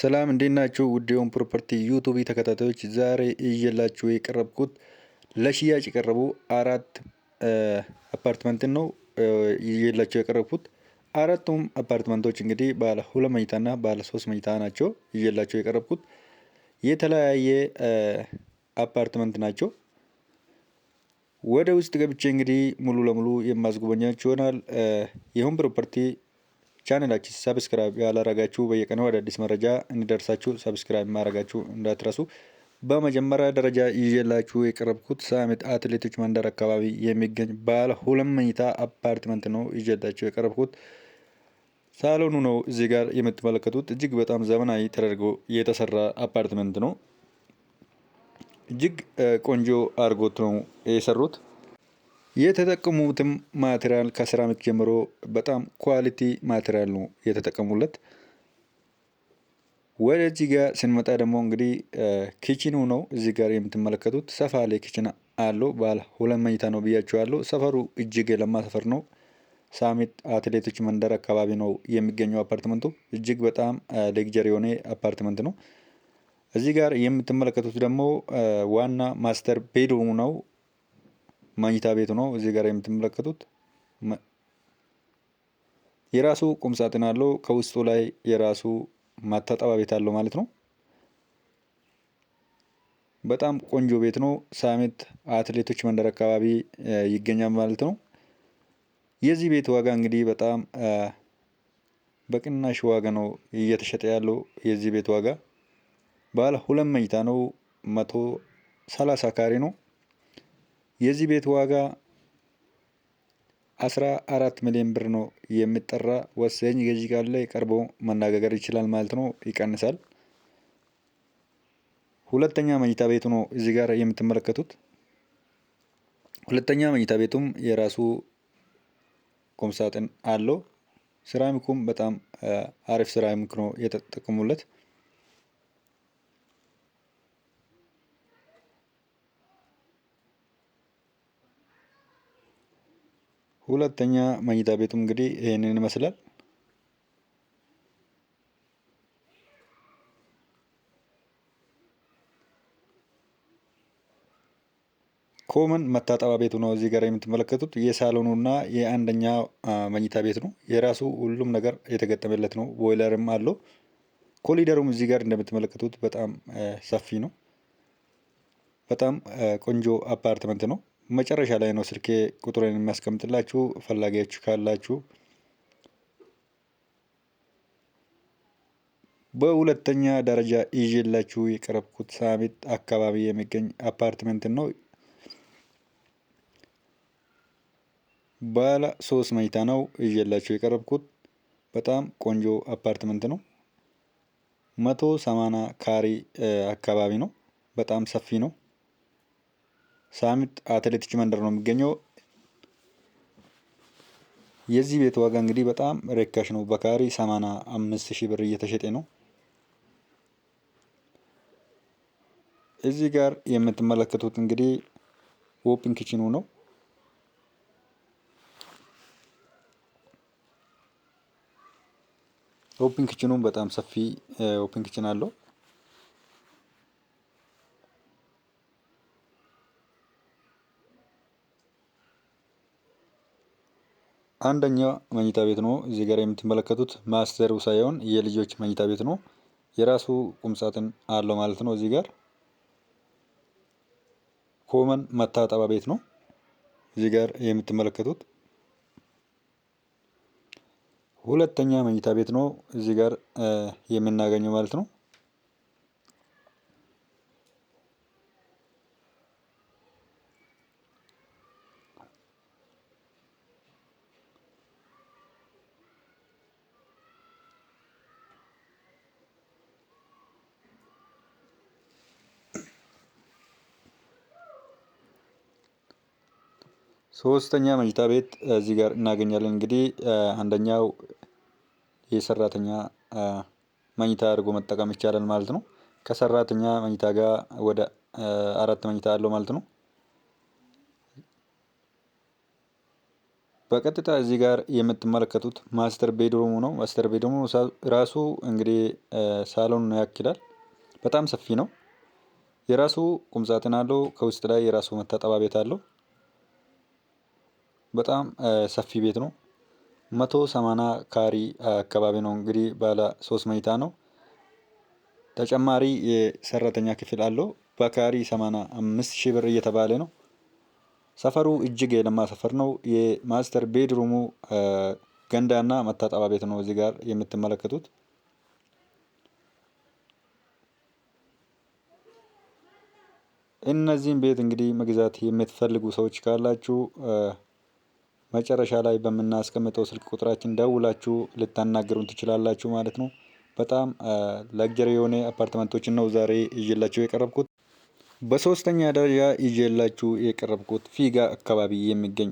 ሰላም እንዴት ናችሁ? ውዴውን ፕሮፐርቲ ዩቱብ ተከታታዮች ዛሬ እየላችሁ የቀረብኩት ለሽያጭ የቀረቡ አራት አፓርትመንትን ነው እየላችሁ የቀረብኩት። አራቱም አፓርትመንቶች እንግዲህ ባለ ሁለት መኝታና ባለ ሶስት መኝታ ናቸው እየላችሁ የቀረብኩት። የተለያየ አፓርትመንት ናቸው። ወደ ውስጥ ገብቼ እንግዲህ ሙሉ ለሙሉ የማስጎበኛችሁ ይሆናል። ይህም ፕሮፐርቲ ቻነላችን ሰብስክራይብ ያላረጋችሁ በየቀኑ አዳዲስ መረጃ እንዲደርሳችሁ ሰብስክራይብ ማድረጋችሁ እንዳትረሱ። በመጀመሪያ ደረጃ ይዤላችሁ የቀረብኩት ሳሚት አትሌቶች መንደር አካባቢ የሚገኝ ባለ ሁለት መኝታ አፓርትመንት ነው ይዤላችሁ የቀረብኩት። ሳሎኑ ነው እዚህ ጋር የምትመለከቱት። እጅግ በጣም ዘመናዊ ተደርጎ የተሰራ አፓርትመንት ነው። እጅግ ቆንጆ አድርጎት ነው የሰሩት። የተጠቀሙትም ማቴሪያል ከሴራሚክ ጀምሮ በጣም ኳሊቲ ማቴሪያል ነው የተጠቀሙለት። ወደዚህ ጋር ስንመጣ ደግሞ እንግዲህ ኪችኑ ነው እዚህ ጋር የምትመለከቱት ሰፋ ላይ ኪችን አለው። ባለ ሁለት መኝታ ነው ብያችኋለሁ። ሰፈሩ እጅግ የለማ ሰፈር ነው። ሳሚት አትሌቶች መንደር አካባቢ ነው የሚገኘው አፓርትመንቱ። እጅግ በጣም ሌግጀር የሆነ አፓርትመንት ነው። እዚህ ጋር የምትመለከቱት ደግሞ ዋና ማስተር ቤድሩም ነው። መኝታ ቤቱ ነው። እዚህ ጋር የምትመለከቱት የራሱ ቁም ሳጥን አለው። ከውስጡ ላይ የራሱ ማታጠባ ቤት አለው ማለት ነው። በጣም ቆንጆ ቤት ነው። ሳሚት አትሌቶች መንደር አካባቢ ይገኛል ማለት ነው። የዚህ ቤት ዋጋ እንግዲህ በጣም በቅናሽ ዋጋ ነው እየተሸጠ ያለው። የዚህ ቤት ዋጋ ባለ ሁለት መኝታ ነው። መቶ ሰላሳ ካሬ ነው። የዚህ ቤት ዋጋ 14 ሚሊዮን ብር ነው የሚጠራ። ወሳኝ ገዢ ካለ ቀርቦ መነጋገር ይችላል ማለት ነው። ይቀንሳል። ሁለተኛ መኝታ ቤቱ ነው እዚህ ጋር የምትመለከቱት። ሁለተኛ መኝታ ቤቱም የራሱ ቁምሳጥን አለው። ሴራሚኩም በጣም አሪፍ ሴራሚክ ነው የተጠቀሙለት። ሁለተኛ መኝታ ቤቱም እንግዲህ ይህንን ይመስላል። ኮመን መታጠቢያ ቤቱ ነው። እዚህ ጋር የምትመለከቱት የሳሎኑ እና የአንደኛ መኝታ ቤት ነው። የራሱ ሁሉም ነገር የተገጠመለት ነው። ቦይለርም አለው። ኮሊደሩም እዚህ ጋር እንደምትመለከቱት በጣም ሰፊ ነው። በጣም ቆንጆ አፓርትመንት ነው። መጨረሻ ላይ ነው ስልኬ ቁጥሬን የሚያስቀምጥላችሁ ፈላጊያችሁ ካላችሁ። በሁለተኛ ደረጃ ይዤላችሁ የቀረብኩት ሳሚት አካባቢ የሚገኝ አፓርትመንት ነው። ባለ ሶስት መኝታ ነው ይዤላችሁ የቀረብኩት። በጣም ቆንጆ አፓርትመንት ነው። መቶ ሰማና ካሪ አካባቢ ነው። በጣም ሰፊ ነው። ሳሚት አትሌቲክ መንደር ነው የሚገኘው። የዚህ ቤት ዋጋ እንግዲህ በጣም ርካሽ ነው። በካሪ 85 ሺህ ብር እየተሸጠ ነው። እዚህ ጋር የምትመለከቱት እንግዲህ ኦፕን ኪችኑ ነው። ኦፕን ኪችኑም በጣም ሰፊ ኦፕን ኪችን አለው። አንደኛ መኝታ ቤት ነው። እዚህ ጋር የምትመለከቱት ማስተሩ ሳይሆን የልጆች መኝታ ቤት ነው። የራሱ ቁምሳጥን አለው ማለት ነው። እዚህ ጋር ኮመን መታጠባ ቤት ነው። እዚህ ጋር የምትመለከቱት ሁለተኛ መኝታ ቤት ነው። እዚህ ጋር የምናገኘው ማለት ነው። ሶስተኛ መኝታ ቤት እዚህ ጋር እናገኛለን። እንግዲህ አንደኛው የሰራተኛ መኝታ አድርጎ መጠቀም ይቻላል ማለት ነው። ከሰራተኛ መኝታ ጋር ወደ አራት መኝታ አለው ማለት ነው። በቀጥታ እዚህ ጋር የምትመለከቱት ማስተር ቤድሩሙ ነው። ማስተር ቤድሩሙ ራሱ እንግዲህ ሳሎን ነው ያክላል። በጣም ሰፊ ነው። የራሱ ቁምሳጥን አለው። ከውስጥ ላይ የራሱ መታጠቢያ ቤት አለው። በጣም ሰፊ ቤት ነው። መቶ ሰማና ካሪ አካባቢ ነው እንግዲህ ባለ ሶስት መኝታ ነው። ተጨማሪ የሰራተኛ ክፍል አለው በካሪ ሰማንያ አምስት ሺህ ብር እየተባለ ነው። ሰፈሩ እጅግ የለማ ሰፈር ነው። የማስተር ቤድሩሙ ገንዳና መታጠባ ቤት ነው እዚህ ጋር የምትመለከቱት። እነዚህን ቤት እንግዲህ መግዛት የምትፈልጉ ሰዎች ካላችሁ መጨረሻ ላይ በምናስቀምጠው ስልክ ቁጥራችን ደውላችሁ ልታናገሩን ትችላላችሁ ማለት ነው። በጣም ለግጀሪ የሆነ አፓርትመንቶችን ነው ዛሬ ይዤላችሁ የቀረብኩት። በሶስተኛ ደረጃ ይዤላችሁ የቀረብኩት ፊጋ አካባቢ የሚገኝ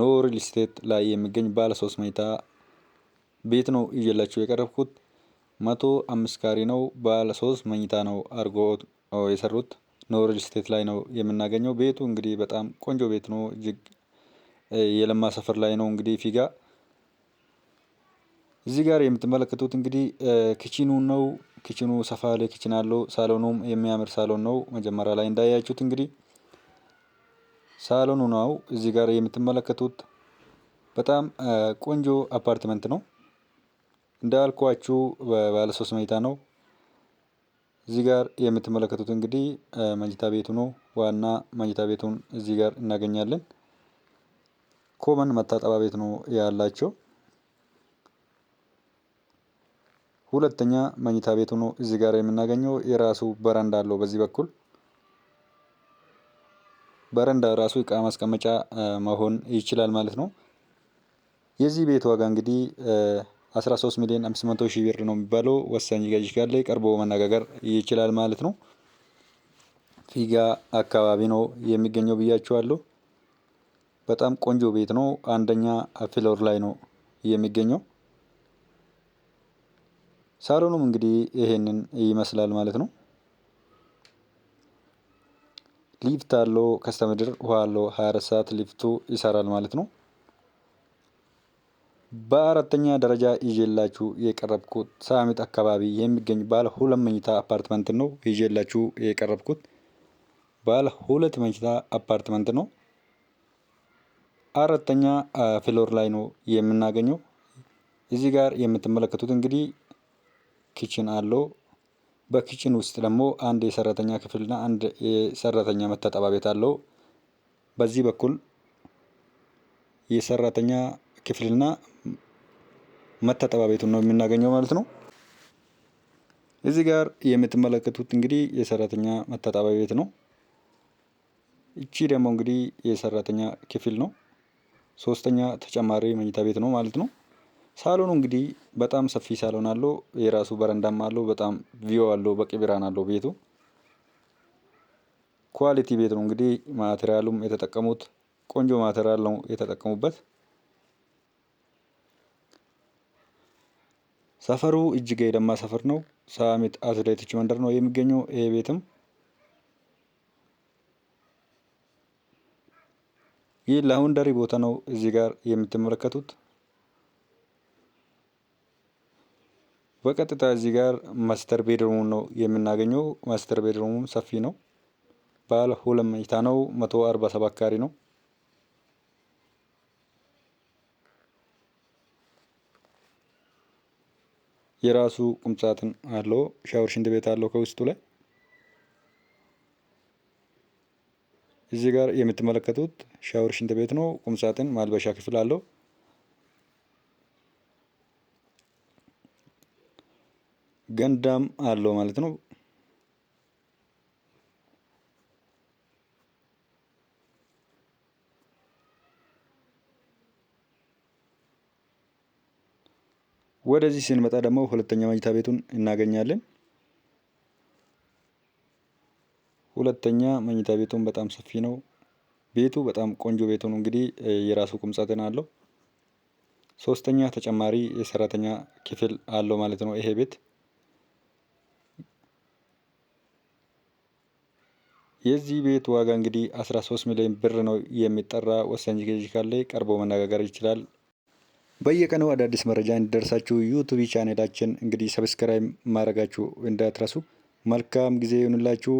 ኖ ሪል ላይ የሚገኝ ባለ ሶስት መኝታ ቤት ነው ይዤላችሁ የቀረብኩት። መቶ አምስት ካሬ ነው፣ ባለ ሶስት መኝታ ነው አርጎ የሰሩት። ኖ ሪል ላይ ነው የምናገኘው ቤቱ። እንግዲህ በጣም ቆንጆ ቤት ነው እጅግ የለማ ሰፈር ላይ ነው እንግዲህ ፊጋ። እዚህ ጋር የምትመለከቱት እንግዲህ ክችኑ ነው። ክችኑ ሰፋ ያለ ክችን አለው። ሳሎኑም የሚያምር ሳሎን ነው። መጀመሪያ ላይ እንዳያችሁት እንግዲህ ሳሎኑ ነው እዚህ ጋር የምትመለከቱት። በጣም ቆንጆ አፓርትመንት ነው እንዳልኳችሁ ባለ ሶስት መኝታ ነው። እዚህ ጋር የምትመለከቱት እንግዲህ መኝታ ቤቱ ነው። ዋና መኝታ ቤቱን እዚህ ጋር እናገኛለን። ኮመን መታጠቢያ ቤት ነው ያላቸው። ሁለተኛ መኝታ ቤቱ ነው እዚህ ጋር የምናገኘው። የራሱ በረንዳ አለው። በዚህ በኩል በረንዳ ራሱ እቃ ማስቀመጫ መሆን ይችላል ማለት ነው። የዚህ ቤት ዋጋ እንግዲህ 13 ሚሊዮን 500 ሺህ ብር ነው የሚባለው። ወሳኝ ጋር ላይ ቀርቦ መነጋገር ይችላል ማለት ነው። ፊጋ አካባቢ ነው የሚገኘው ብያችኋለሁ። በጣም ቆንጆ ቤት ነው። አንደኛ ፍሎር ላይ ነው የሚገኘው። ሳሎኑም እንግዲህ ይሄንን ይመስላል ማለት ነው። ሊፍት አለው ከስተምድር ውሃ አለው 24 ሰዓት ሊፍቱ ይሰራል ማለት ነው። በአራተኛ ደረጃ ይዤላችሁ የቀረብኩት ሳሚት አካባቢ የሚገኝ ባለ ሁለት መኝታ አፓርትመንት ነው። ይዤላችሁ የቀረብኩት ባለ ሁለት መኝታ አፓርትመንት ነው። አራተኛ ፍሎር ላይ ነው የምናገኘው። እዚህ ጋር የምትመለከቱት እንግዲህ ኪችን አለው። በኪችን ውስጥ ደግሞ አንድ የሰራተኛ ክፍልና አንድ የሰራተኛ መታጠቢያ ቤት አለው። በዚህ በኩል የሰራተኛ ክፍልና መታጠቢያ ቤቱን ነው የምናገኘው ማለት ነው። እዚህ ጋር የምትመለከቱት እንግዲህ የሰራተኛ መታጠቢያ ቤት ነው። እቺ ደግሞ እንግዲህ የሰራተኛ ክፍል ነው። ሶስተኛ ተጨማሪ መኝታ ቤት ነው ማለት ነው። ሳሎኑ እንግዲህ በጣም ሰፊ ሳሎን አለው። የራሱ በረንዳም አለው። በጣም ቪው አለው። በቂ ብርሃን አለው ቤቱ። ኳሊቲ ቤት ነው እንግዲህ ማቴሪያሉም የተጠቀሙት ቆንጆ ማቴሪያል ነው የተጠቀሙበት። ሰፈሩ እጅግ የለማ ሰፈር ነው። ሳሚት አትሌቶች መንደር ነው የሚገኘው ይሄ ቤትም ይህ ላውንደሪ ቦታ ነው እዚህ ጋር የምትመለከቱት። በቀጥታ እዚህ ጋር ማስተር ቤድሩም ነው የምናገኘው። ማስተር ቤድሩሙም ሰፊ ነው። ባለ ሁለት መኝታ ነው። መቶ አርባ ሰባት ካሪ ነው። የራሱ ቁምሳጥን አለው። ሻወር ሽንት ቤት አለው ከውስጡ ላይ እዚህ ጋር የምትመለከቱት ሻወር፣ ሽንት ቤት ነው። ቁምሳጥን፣ ማልበሻ ክፍል አለው። ገንዳም አለው ማለት ነው። ወደዚህ ስንመጣ ደግሞ ሁለተኛ መኝታ ቤቱን እናገኛለን። ሁለተኛ መኝታ ቤቱን በጣም ሰፊ ነው። ቤቱ በጣም ቆንጆ ቤት ሆኖ እንግዲህ የራሱ ቁም አለው። ሶስተኛ ተጨማሪ የሰራተኛ ክፍል አለው ማለት ነው ይሄ ቤት። የዚህ ቤት ዋጋ እንግዲህ 13 ሚሊዮን ብር ነው የሚጠራ። ወሳኝ ገዢ ካለ ቀርቦ መነጋገር ይችላል። በየቀኑ አዳዲስ መረጃ እንዲደርሳችሁ ዩቱብ ቻኔላችን እንግዲህ ሰብስክራይብ ማድረጋችሁ እንዳትረሱ። መልካም ጊዜ ይሁንላችሁ።